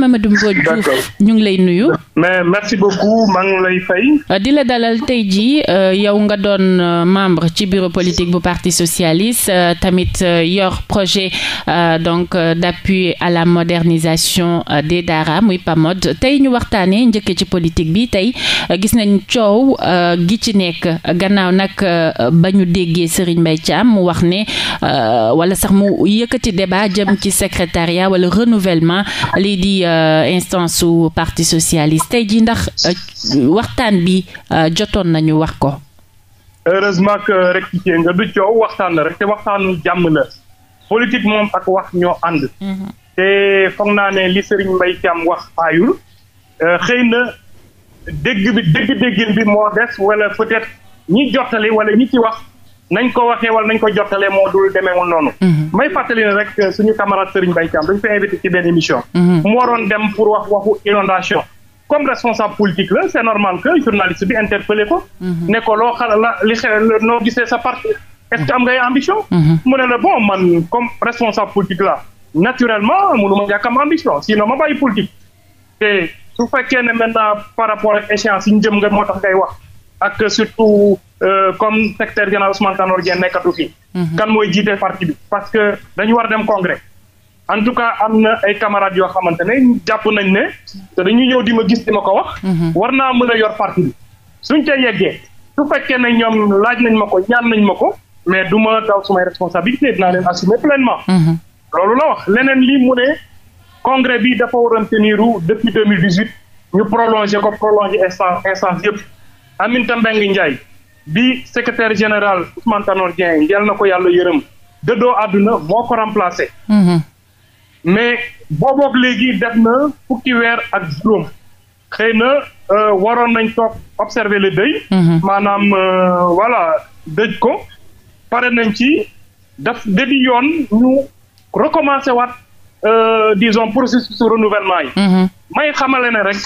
Mamadou Mbodj Diouf ñu ngi lay nuyu. mais merci lay fay. Euh, di la dalal tey jii euh, yow nga doon euh, membre ci bureau politique bu parti socialiste tamit yor projet donc d'appui à la modernisation des daara muy PAMOD tey ñu waxtaanee njëkkee ci politique bi tey gis nañ coow gi ci nekk gannaaw nag ba ñu déggee Serigne ci am mu wax ne wala sax mu yëkkati débat jëm ci secrétariat wala renouvellement lii di. ci euh, instance su parti socialiste tey ji ndax euh, waxtaan bi euh, jotoon nañu wax ko. heureusement que rectifié nga du coow waxtaan la rek te waxtaanu jàmm la politique moom ak wax ñoo ànd. Mhm. te foog naa ne li Serigne Mbaye Thiam wax aayul xëy na dégg bi dégg déggin bi moo des wala peut-être ñi jottali wala ñi ci wax. nañ ko waxee wala nañ ko jottalee moo dul demeewul noonu. Mhm. may fàttali ne rek suñu camarade Serigne Mbaye Thiam dañ ko invité ci benn émission. Mhm. mu waroon dem pour wax waxu inondation. comme responsable politique la c'est normal que journaliste bi interpellé ko. Mhm. ne loo xala li xel noo gisee sa parti. est-ce que am ngay ambition. mu ne la bon man comme responsable politique la naturellement mënu ma ñàkk am ambition sinon ma bàyyi politique. te su fekkee ne maintenant par rapport ak échéance jëm nga moo tax ngay wax ak Euh, comme secrétaire général Ousmane Tanor Dieng nekkatu fi. Mhm. kan mooy jiite parti bi. parce que dañu war dem congrès en tout cas am na ay camarades yoo xamante ne jàpp nañ ne te dañuy ñëw di ma gis di ma ko wax. Mhm. war naa mën a yor parti bi suñ ca yeggee su fekkee ne ñoom laaj nañ ma ko ñaan nañ ma ko mais du ma daw sumay responsabilité dinaa leen assumer pleinement. Mhm. loolu la wax leneen lii mu ne congrès bi dafa waroon tenir depuis deux mille dix huit ñu prolongé ko prolongé instance instance yëpp Aminata Mbengue Ndiaye. bi secrétaire général Ousmane Tanor Dieng yal na ko yàlla yërëm dëddoo àdduna moo ko remplacé. Mhm. mais boobook léegi def na fukki weer ak juróom xëy na euh, waroon nañ toog observer le deuil. Mhm. maanaam euh, voilà dëj ko pare nañ ci daf débi yoon ñu recommencé waat euh, disons processus de renouvellement yi. Mhm. may xamale ne rek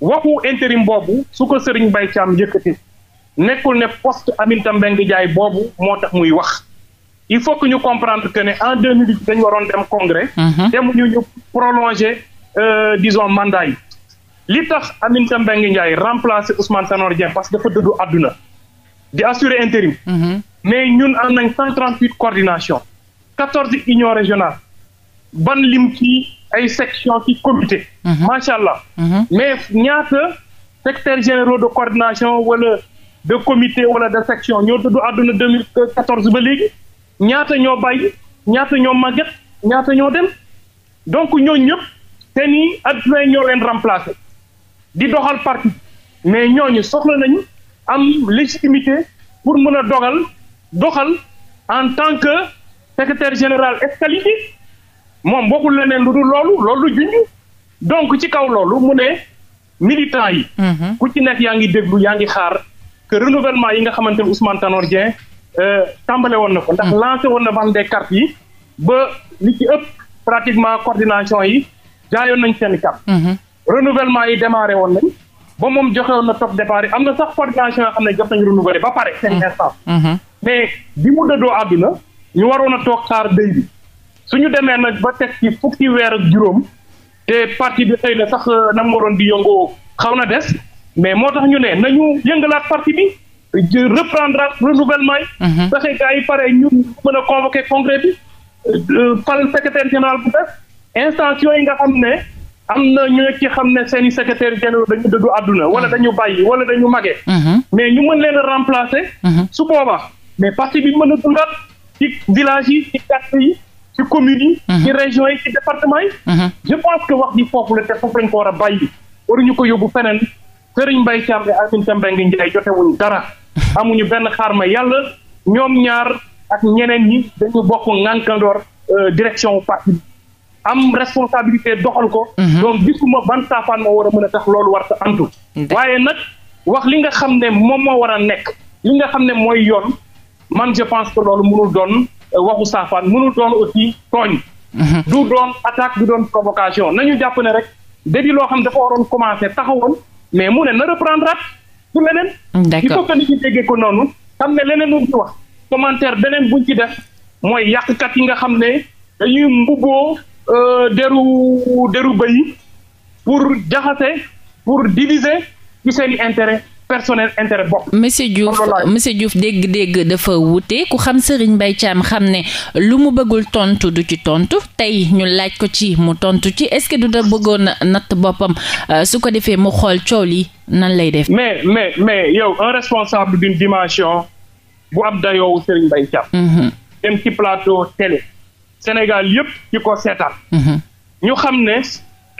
waxu intérim boobu su ko Serigne Mbaye Thiam yëkkati. nekkul ne poste Aminata Mbengue Ndiaye boobu moo tax muy wax il faut que ñu comprendre que ne en deux minutes dañu waroon dem congrès mhm. dem ñu ñu prolonger euh, disons mandat yi li tax Aminata Mbengue Ndiaye remplacer Ousmane Tanor Dieng parce que dafa dëddu àdduna di assurer intérim mhm. mais ñun am nañ cent trente huit coordination quatorze union régionale ban lim ci ay section ci comité mhm. macha allah mais ñaata secrétaire généraux de coordination wala de comité wala de section ñoo dëddu àdduna 2014 ba léegi ñaata ñoo bàyyi ñaata ñoo màgget ñaata ñoo dem donc ñooñu ñëpp ni i yi ñoo leen remplacer di doxal parti mais ñooñu soxla nañu am légitimité pour mën a dogal doxal en tant que secrétaire général excalité moom bokkul leneen lu dul loolu loolu junj donc ci kaw loolu mu ne militant yi. Mm-hmm. ku ci nekk yaa ngi déglu yaa ngi xaar. que renouvellement yi nga xamante ne Ousmane Tanor Dieng euh, tàmbale woon na ko ndax hmm. lancé woon na vente des cartes yi ba li ci ëpp pratiquement coordination yi jaayoon nañ seen carte hmm. renouvellement yi démarré woon nañ ba moom joxe woon na top départ yi am na sax coordination yoo xam ne jox nañ renouvelé ba pare seen instance hmm. mais bi mu dëddoo àdduna ñu waroon a toog xaar dëy bi ñu demee na ba teg ci fukki weer ak juróom te parti bi xëy na sax euh, nam waroon di yëngoo xaw na des mais moo tax ñu ne nañu yëngalaat parti bi reprendre ak renouvellement yi. fexe mhm. gars yi pare ñu mën a convoquer congrès bi pal euh, secrétaire général bu def instance yooyu nga xam ne am na ñu ci xam ne seen i secrétaire général dañu dëddu àdduna wala mhm. dañu bàyyi wala dañu magee mhm. mais ñu mën leen a remplacer. su boobaa mais parti bi mën a dundaat ci village yi ci quartier yi ci communes yi. ci régions yi ci département yi. je pense que wax ji foofu la te foofu lañ ko war a bàyyi waruñu ko yóbbu feneen. Serigne Mbaye Thiam ak Aminata Mbengue Ndiaye jotewuñ dara amuñu benn xaar ma yàlla ñoom ñaar ak ñeneen ñi dañu bokk ŋànkandoor euh, direction parti am responsabilité doxal ko. Mhm. donc gisuma ban saafaan moo war a mën a tax loolu war a antu. waaye nag wax li nga xam ne moom moo war a nekk li nga xam ne mooy yoon man je pense loolu mënul doon euh, waxu saafaan mënul doon aussi tooñ. Mhm. du doon attaque du doon provocation nañu jàpp ne rek dédi loo xam dafa waroon commencé taxawoon. mais mu ne na reprendre at pour leneen. il faut que nit ñi déggee ko noonu xam ne leneen lu ñu wa commentaire beneen buñ ci def mooy yàqkat yi nga xam ne dañuy mbubboo euh, deru deru bëy pour jaxase pour diviser ci seen i intérêt personnel intéret bopp. monsieur Diouf monsieur Diouf dégg-dégg dafa wute ku xam Serigne Mbaye Thiam xam ne lu mu bëggul tontu du ci tontu tey ñu laaj ko ci mu tontu ci est-ce que du da bëggoon natt boppam euh, su ko defee mu xool coow li nan lay def. mais mais mais yow un responsable d'une dimension bu am dayoowu Serigne Mbaye Thiam. Mhm. dem ci plateau télé. Sénégal yëpp ci ko seetaan. Mhm. ñu xam ne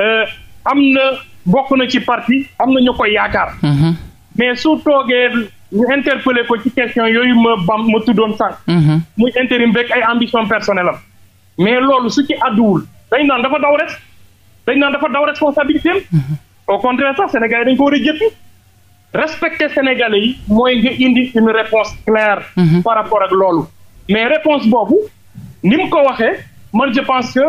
euh, am na bokk na ci parti am na ñu koy yaakaar. Mhm. mais su toogee ñu interpellé ko ci question yooyu ma bam ma tuddoon sànq. Mhm. muy intérim rek ay ambition personnelle am. mais loolu su ci àdduwul dañ naan dafa daw res dañ naan dafa daw responsabilité am. Mhm. au contraire sax Sénégal dañ ko war a jëppi respecter Sénégalais yi mooy nga indi une réponse claire. Mhm. par rapport ak loolu. mais réponse boobu ni mu ko waxee man je pense que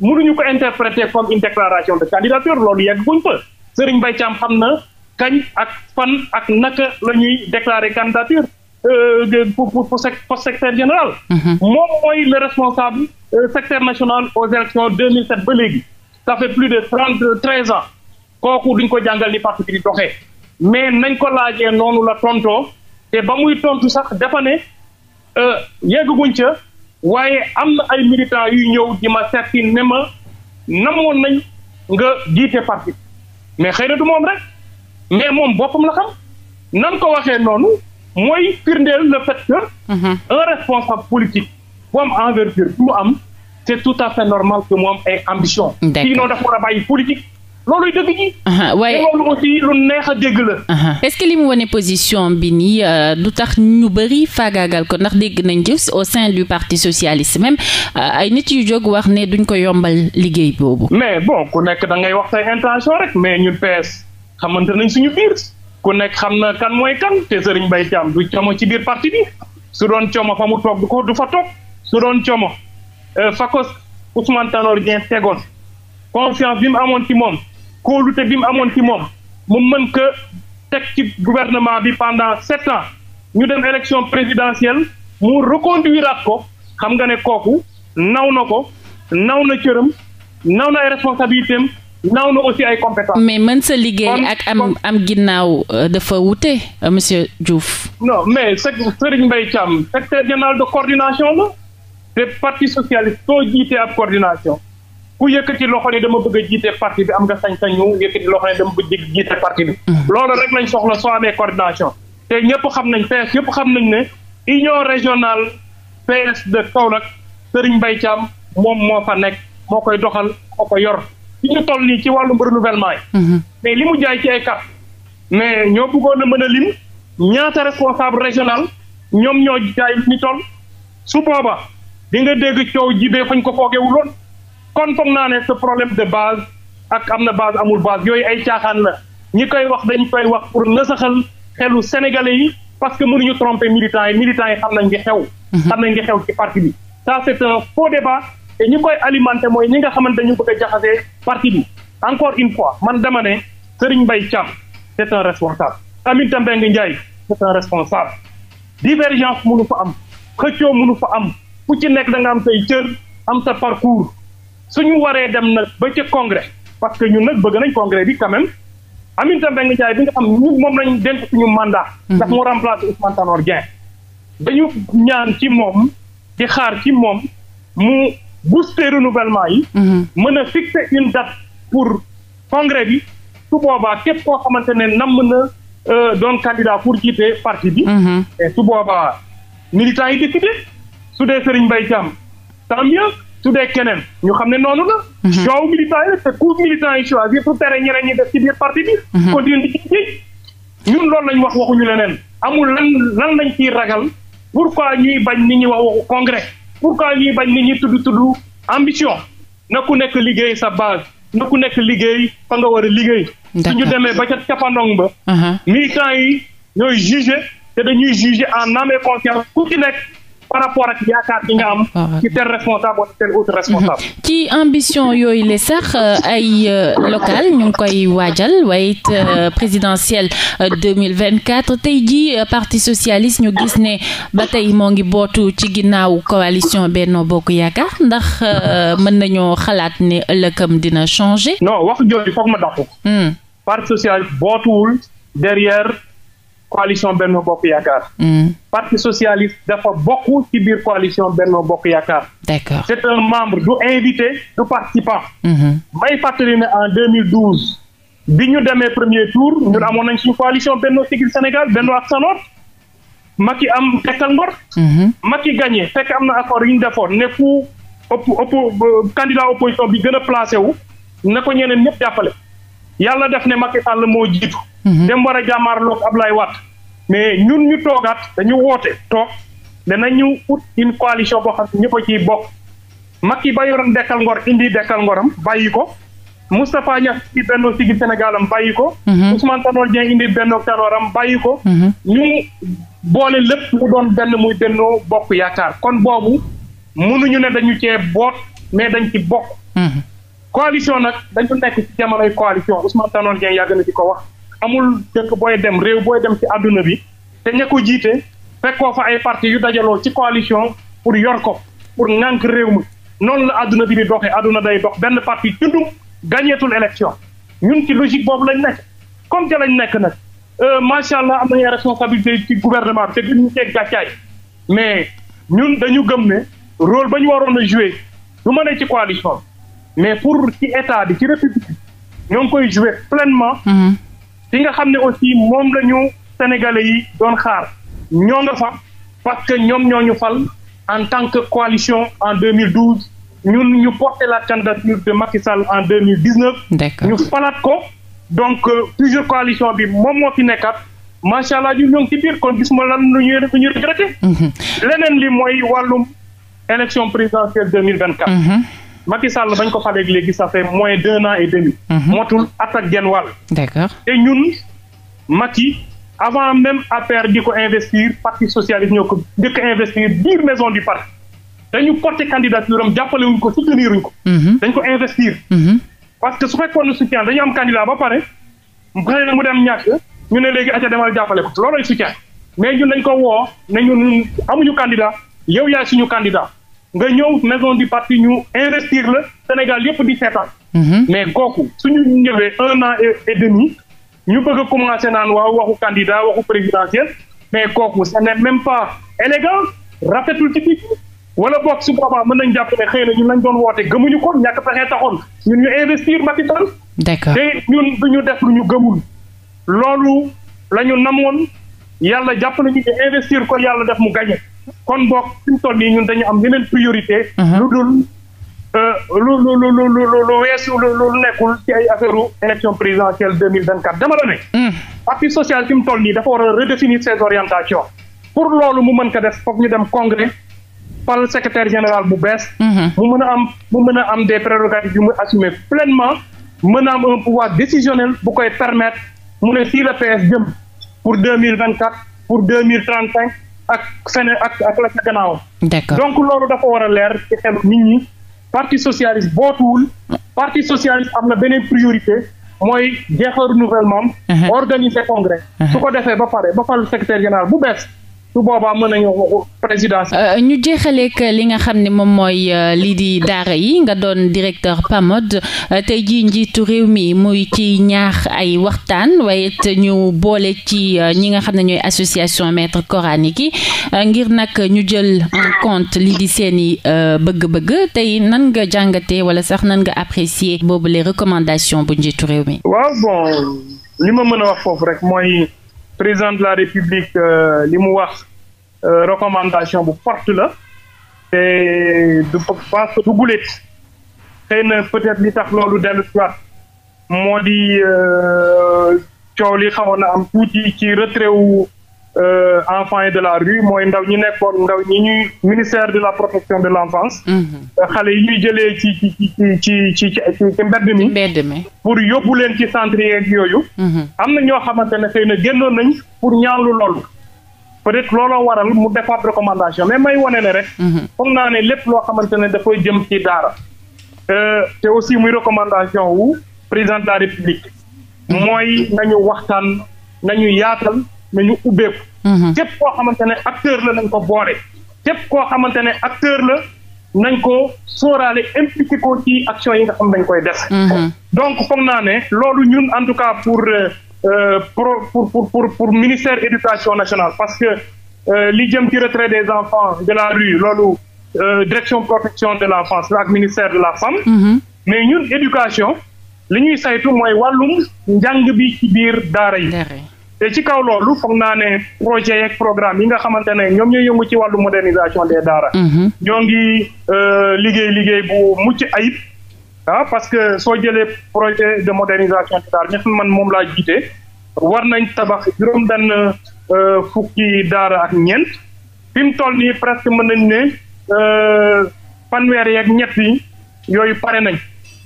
ñu ko interpréter comme une déclaration de candidature loolu yegg buñ fa seriñ Mbaye Thiam xam na. kañ ak fan ak naka la ñuy déclarer candidature euh, pour pour pour secrétaire général. Mhm. moom mooy le responsable euh, secrétaire national aux élections 2007 ba léegi. ça fait plus de trente treize ans kooku duñ ko jàngal ni parti bi di mais nañ ko laaje noonu la tontoo te ba muy tontu sax defane yégu euh, yeggaguñ ca waaye am na ay militants yuy ñëw di ma seet ne ma namoon nañ nga jiite parti mais xëy na du moom rek. mais moom boppam la xam nan ko waxee noonu mooy firndeel le fait que mhm. un responsable politique bu am envergure bu mu am c' tout à fait normal que moom ay ambition sinon dafa war a bàyyi politique looluy loolu aussi lu neex a dégg la est-ce que li mu wane position bi nii euh, lu tax ñu bëri faagaagal ko ndax dégg nañ jëf au sein du parti socialiste même euh, ay nit yu jóg wax ne duñ ko yombal liggéey boobu mais bon ku nekk da ngay intention rek mais ñun PS xamante nañ suñu biir ku nekk xam na kan mooy kan te Serigne Mbaye Thiam du como ci biir parti bi su doon como fa mu toog du ko du fa toog su doon como euh, fa ko Ousmane Tanor Dieng tegoon confiance bi mu amoon ci moom kóolute bi mu amoon ci moom mu mën ko teg ci gouvernement bi pendant sept ans ñu dem élection présidentielle mu reconduiraat ko xam nga ne kooku naw na ko naw na cëram naw na ay responsabilité naw na aussi ay compétence mais mën sa liggéey ak am am ginnaaw euh, dafa wute euh, monsieur Diouf. non mais Serigne Mbaye Thiam secrétaire général de coordination la te parti socialiste soo jiitee ab coordination ku yëkkati loxo ne dama bëgg a jiite parti bi am nga sañ-sañu loxo ne dama bëgg a jiite parti bi. Mhm. loolu rek lañ soxla soo amee coordination. te ñëpp xam nañ PS yëpp xam nañ ne union régionale PS de Kaolack Serigne Mbaye Thiam moom moo fa nekk moo koy doxal moo ko yor. fi ñu toll nii ci wàllum renouvellement yi. Mhm. mais li mu jaay ci ay carte mais ñoo bëggoon a mën a lim ñaata responsable régional ñoom ñoo jaay li ñu toll su booba di nga dégg coow jibee fañ ko foogewuloon kon foog naa ne ce problème de base ak am na base amul base yooyu ay caaxaan la ñi koy wax dañ koy wax pour nasaxal xelu sénégalais yi parce que mënuñu tromper militants yi militants yi xam nañ ngi xew. Mhm. xam nañ ngi xew ci parti bi ça c'est un faux débat. te ñi koy alimenté mooy ñi nga xamante dañu bëgg a jaxasee parti bi encore une fois man dama ne Serigne Mbaye Thiam c'est un responsable Aminata Mbengue Ndiaye c'est un responsable divergence mënu fa am xëccoo mënu fa am ku ci nekk da nga am say cër am sa parcours suñu waree dem na ba ca congrès parce que ñun nag bëgg nañ congrès bi quand même Aminata Mbengue Ndiaye bi nga xam ñun moom nañ dénk suñu mandat ndax mhm. mu remplacer Ousmane Tanor Dieng dañu ñaan ci moom di xaar ci moom booster renouvellement yi. Mhm. mën a fixer une date pour congrès bi su boobaa képp koo xamante ne namm na euh, doon candidat pour jiite parti bi. Mhm. et su boobaa militants yi décidé su dee Serigne Mbaye Thiam tant ya su dee keneen ñu xam ne noonu la. Mhm. choix militants yi te couche militants yi choisir pour tere ñeneen ñi def ci biir parti bi. continue di ci ñun loolu lañ wax waxuñu leneen amul lan lan lañ ciy ragal pourquoi ñuy bañ ni ñi wax waxu congrès. pourquoi yi bañ nit ñi tudd tudd ambition na ku nekk liggéey sa base na ku nekk liggéey fa nga war a liggéey. su ñu demee ba ca capandong ba. Uh-huh. militants yi ñooy jugé te dañuy jugé en âme et conscience ku ci nekk. par rapport ak yaakaar bi nga am. Ah, ah. ci tel responsable wala mm-hmm. ambition yooyu la sax euh, ay euh, local ñu ngi koy waajal waaye it euh, présidentielle deux mille vingt quatre tey jii parti socialiste ñu gis ne ba tey moo ngi bootu ci ginnaaw coalition Benno Bokk Yaakaar ndax mën nañoo xalaat ne ëllëgam dina changé non wax jooju foog ma dàqu. Hmm. parti socialiste bootuwul derrière. coalition Benno Bokk Yaakaar. Hmm. parti socialiste dafa bokk ci biir coalition benn Bokk Yaakaar. d'accord c'est un membre du invité du participant. Hmm. may fàttali ne en 2012. bi ñu demee premier tour ñun amoon nañ suñu coalition Benno Siggil Sénégal Benno ak Sa Nord. Macky am tekkal ngor. Hmm. Macky gagné fekk am na accord yu ñu defoon ne fu ëpp ëpp candidat opposition bi gën a placé wu. na ko ñeneen ñëpp jàppale. yàlla def ne Macky Sall moo jiitu. Mhm. dem war a jàmmaarloog Ablaye wat mais ñun ñu toogaat dañu woote toog danañu ut une coalition boo xam ne ñëpp a ciy bokk Macky ba yoroon dekkal ngor indi dekkal ngoram bàyyi ko Moustapha Niass indi Benno Siggil Sénégalam bàyyi ko mhm. Ousmane Tanor Dieng indi Benno Tanoram bàyyi ko mhm. ñu boole lépp mu doon benn muy Benno Bokk Yaakaar kon boobu mënuñu ne dañu cee boot mais dañ ci bokk coalition nag dañu nekk ci jamonoy coalition Ousmane Tanor Dieng yàgg na di ko wax amul dëkk booy dem réew booy dem si àdduna bi te ña ko jiite fekkoo fa ay parti yu dajaloo ci coalition pour yor ko pour ŋànk réew mi noonu la àdduna bi di doxee àdduna day dox benn parti tundum gàñeetul élection ñun ci logique boobu lañ nekk comme ca lañ nekk nag euh, macha allah am nañu responsabilité ci gouvernement bi te duñu ceeg gàccaay mais ñun dañu gëm ne rôle ba ñu waroon a joué du ma ne ci coalition mais pour ci état bi ci république ñoo ngi koy joué pleinement mhm. li nga xam ne aussi moom la ñu yi doon xaar ñoo nga fa parce que ñoom ñoo ñu fal en tant que coalition en 2012 ñun ñu porté la candidature de Macky Sall en 2019. d'accord ñu falaat ko donc euh, plusieurs coalition bi moom moo fi nekkat macha allah ñu ngi ci biir kon gisuma lan lu ñuy lu ñuy regretté. Mm-hmm. leneen li mooy wàllum élection présidentielle 2024. Macky Sall bañ ko faleeg léegi sa fait moins d'un an et demi. Mhm. motul at ak genn wàll. d'accord te ñun Macky avant même affaire di ko investir parti socialiste ñoo ko dëkk investir biir maison du parti dañu porter candidature am jàppale wuñ ko soutenir ko. Mhm. dañ ko investir. Mhm. parce que su fekkoon ne soutien dañu am candidat ba pare xëy na mu dem ñàkk ñu ne léegi acca demal jàppale ko loolooy soutien mais ñun dañ ko woo ne ñun amuñu candidat yow yaay suñu candidat. nga ñëw maison du parti ñu investir la Sénégal yëpp di seetaan. Mhm. mais kooku suñu ñëwee un an et ñu bëgg a commencé naan waaw waxu candidat waxu présidentiel mais kooku ce n'est même pas élégant rafetul ci biir wala boog su boobaa mën nañ jàpp ne xëy na ñun lañ doon woote gëmuñu ko ñàkk fexee taxoon ñun ñu investir Macky Sall. d'accord te ñun du ñu def lu ñu gëmul. loolu lañu ñu namoon yàlla jàpp nañu ñu investir ko yàlla def mu gagné. kon boog fi mu toll nii ñun dañu am yeneen priorité. Mhm. lu dul euh, lu lu lu lu lu weesu lu nekkul ci ay affaire élection présidentielle deux mille vingt quatre dama la ne. Mhm. parti social fi mu toll nii dafa war a redéfinir ses orientations. pour loolu mu mën ko def foog ñu dem congrès fal secrétaire général bu bees. Mhm. mu mën a am mu mën a am des prérogatives yu mu assumer pleinement mën a am un pouvoir décisionnel bu koy permettre mu ne fii la PS jëm pour deux mille vingt quatre pour deux mille trente cinq ak fene ak ak la ca gannaaw donc loolu dafa war a leer ci xelu nit ñi parti socialiste bootuwul parti socialiste am na beneen priorité mooy jeexal renouvellement uh-huh. organiser congrès uh-huh. su ko defee ba pare ba fal secrétaire général bu bees su boobaa mën nañu waxu présidence. Euh, ñu jeexaleeg li nga xam ne moom mooy euh, lii di daara yi nga doon directeur PAMOD euh, tey jii njiitu réew mi muy ci ñaax ay waxtaan waaye it ñu boole ci ñi nga xam ne ñooy association maître coranique yi ngir nag ñu jël en compte lii di seeni i bëgg-bëgg tey nan nga jàngate wala sax nan nga apprécier boobu les recommandations bu njiitu réew mi. waaw bon li ma mën a wax foofu rek président de la république euh, li mu wax euh, recommandation bu forte la te du pense que xëy na peut-être li tax loolu dellu soit moo di euh, coow li xawoon na am tuuti ci retrait wu Euh, enfants yi de la rue mooy ndaw ñi nekkoon ndaw ñi ñuy ministère de la protection de l'enfance. Mm-hmm. xale yi ñuy jëlee ci ci ci ci ci ci ci mbedd mi. mbedd mi pour yóbbu leen ci centre yeeg yooyu. Mm-hmm. am na ñoo xamante ne xëy na génnoon nañ pour ñaanlu loolu. peut-être looloo waral mu defaat recommandation mais may wane ne rek. Mm-hmm. foog naa ne lépp loo xamante ne dafay jëm ci daara. Euh, te aussi muy recommandation wu président de la république. mooy nañu waxtaan nañu yaatal. nañu ubbeeku. Mhm. képp koo xamante ne acteur la nañ ko boole. képp koo xamante ne acteur la nañ ko sóoraale impliqué ko ci action yi nga xam dañ koy def. Mhm. donc foog naa ne loolu ñun en tout cas pour euh, euh, pour pour pour pour ministère éducation nationale parce que euh, li jëm ci retrait des enfants de la rue loolu direction protection de l'enfance la ak ministère de la femme. Mhm. mais ñun éducation li ñuy saytu mooy wàllum njàng bi ci biir daara yi. te ci kaw loolu foog naa ne projet yeeg programme yi nga xamante ne ñoom ñooy yëngu ci wàllu modernisation des daara. Mhm. ñoo ngi euh, liggéey liggéey bu mucc ayib. ah parce que soo jëlee projet de modernisation des daara ñett man moom laa jiite war nañ tabax juróom-benn euh, fukki daara ak ñeent fi mu toll nii presque mën nañ ne euh, fanweer yeeg ñett yi yooyu pare nañ.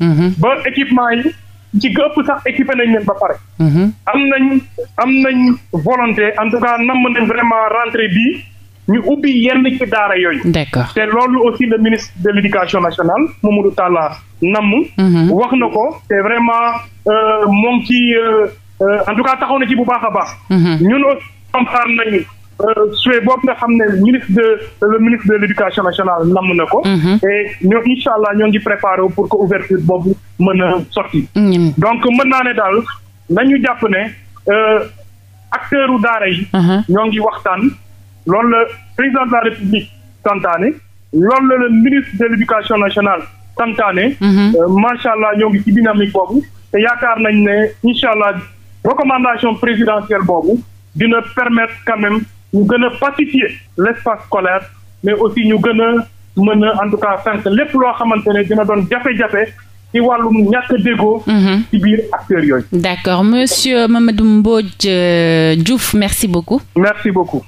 Mhm. ba équipement yi. ci ëpp sax équipé nañ leen ba pare. Mhm. am nañ am nañ volonté en tout cas namm nañ vraiment rentrée bi ñu ubbi yenn ci daara yooyu. d'accord te loolu aussi le ministre de l'éducation nationale Mamadou Talla namm. Mhm. wax na ko te vraiment euh, moom ci euh, euh, en tout cas taxaw na ci bu baax a baax. Mhm. ñun aussi comprendre nañu. Euh, sué boobu nga xam ne ministre de le ministre de l' nationale namm na ko. Mhm. et ñoo incha allah ñoo ngi préparé pour que ouverture boobu mën a sorti donc mën naa ne daal nañu jàpp ne euh, acteurs u daara yi. Mhm. ñoo ngi waxtaan loolu la président de la république santaane loolu la le ministre de l' nationale santaane. Mhm. Euh, macha allah ñoo ngi ci dynamique boobu te yaakaar nañ ne incha allah recommandation présidentielle boobu dina permettre quand même. ñu gën a pacifier l' espace scolaire mais aussi ñu gën a mën a en tout cas sànq lépp loo xamante ne dina doon jafe-jafe ci wàllum ñàkk déggoo mhm. ci biir acteurs yooyu. d' accord monsieur Mamadou Mbodj euh, Diouf merci beaucoup. merci beaucoup.